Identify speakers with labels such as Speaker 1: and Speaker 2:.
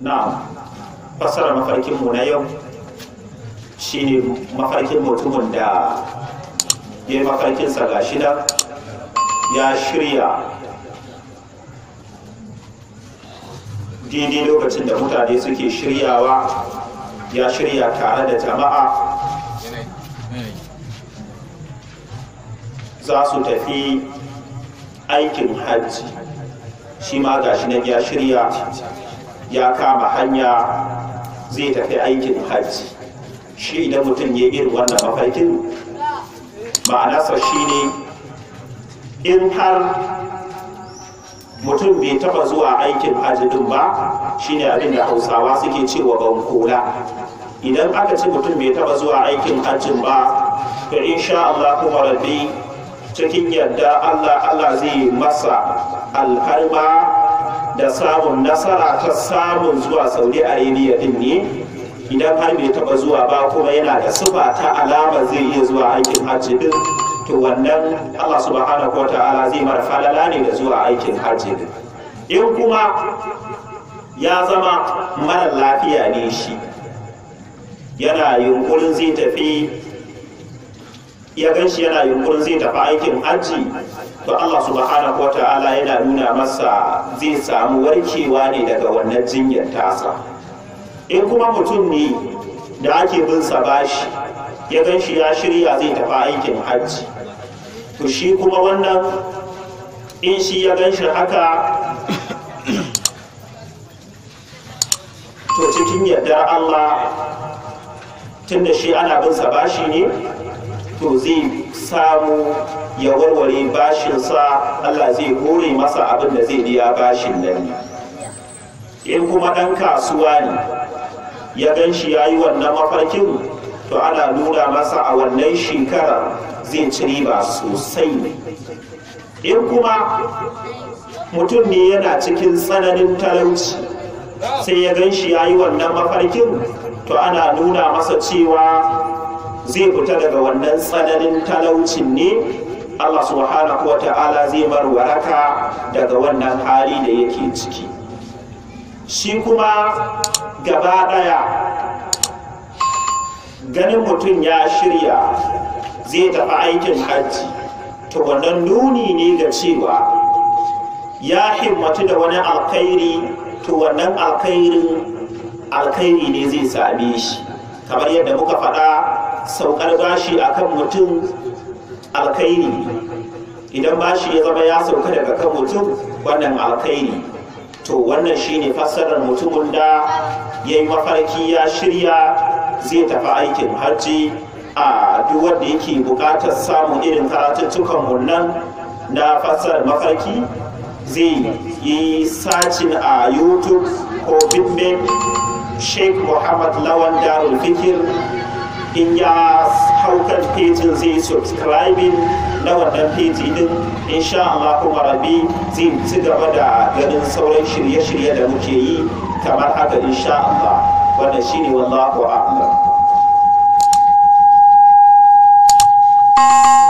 Speaker 1: na fasara mafarkinmu na yau shi ne mafarkin mutumin da ya yi mafarkinsa ga shida ya shirya daidai lokacin da mutane suke shiryawa ya shirya tare da jama'a za su tafi aikin hajji shi ma gashi na ya shirya ya kama hanya zai tafi aikin hajji shi idan mutum ya irin wannan mafarkin ma'anarsa shi ne in har mutum bai taba zuwa aikin hajji din ba shine abin da hausawa suke cewa bankola idan aka ce mutum bai taba zuwa aikin hajjin ba to insha Allah kuma rabbi cikin yadda Allah Allah zai masa alharba da samun nasara ta samun zuwa saudi arabia din ne idan har bai taba zuwa ba kuma yana da sufa ta alama zai iya zuwa aikin hajji din to wannan allah subhanahu Ta'ala zai mara falala ne da zuwa aikin hajji din in kuma ya zama mara lafiya ne shi yana yunkurin zai tafi ya gan shi yana yunkurin zai tafi aikin hajji to Allah subhanahu wata'ala yana nuna masa zai samu warkewa ne daga wannan jinyar tasa in kuma mutum ne da ake bin sa bashi ya gan shi ya shirya zai tafi aikin hajji to shi kuma wannan in shi ya gan shi haka to cikin yardar Allah tun da shi ana bin sa bashi ne to zai samu ya warware bashinsa Allah zai hore masa abin da zai biya bashin nan in kuma ɗan kasuwa ne ya gan shi ya yi wannan mafarkin to ana nuna masa a wannan shekara zai ci riba sosai ne. in kuma mutum ne yana cikin tsananin talauci sai ya gan shi ya yi wannan mafarkin to ana nuna masa cewa zai fita daga wannan tsananin talaucin ne Allah subhanahu wa ta'ala zai bar waraka daga wannan hali da yake ciki shi kuma gaba daya ganin mutum ya shirya zai tafi aikin hajji to wannan nuni ne ga cewa ya himmatu da wani alkhairi to wannan alkhairin alkhairi ne zai same shi kamar yadda muka faɗa saukar bashi akan mutum alkhairi idan bashi ya zama ya sauka daga kan mutum wannan alkhairi to wannan shine fassarar mutumin da ya yi mafarki ya shirya zai tafi aikin hajji a duk wanda yake bukatar samun irin karatuttukan mu nan na fassarar mafarki zai yi sacin a youtube ko bitmap sheikh muhammad lawan darul fikir in ya hau kan pejin zai subscribing na wannan peji din insha Allah kuma rabi zai ci gaba da ganin sauran shirye-shirye da muke yi kamar haka insha Allah wannan shine wallahu a'lam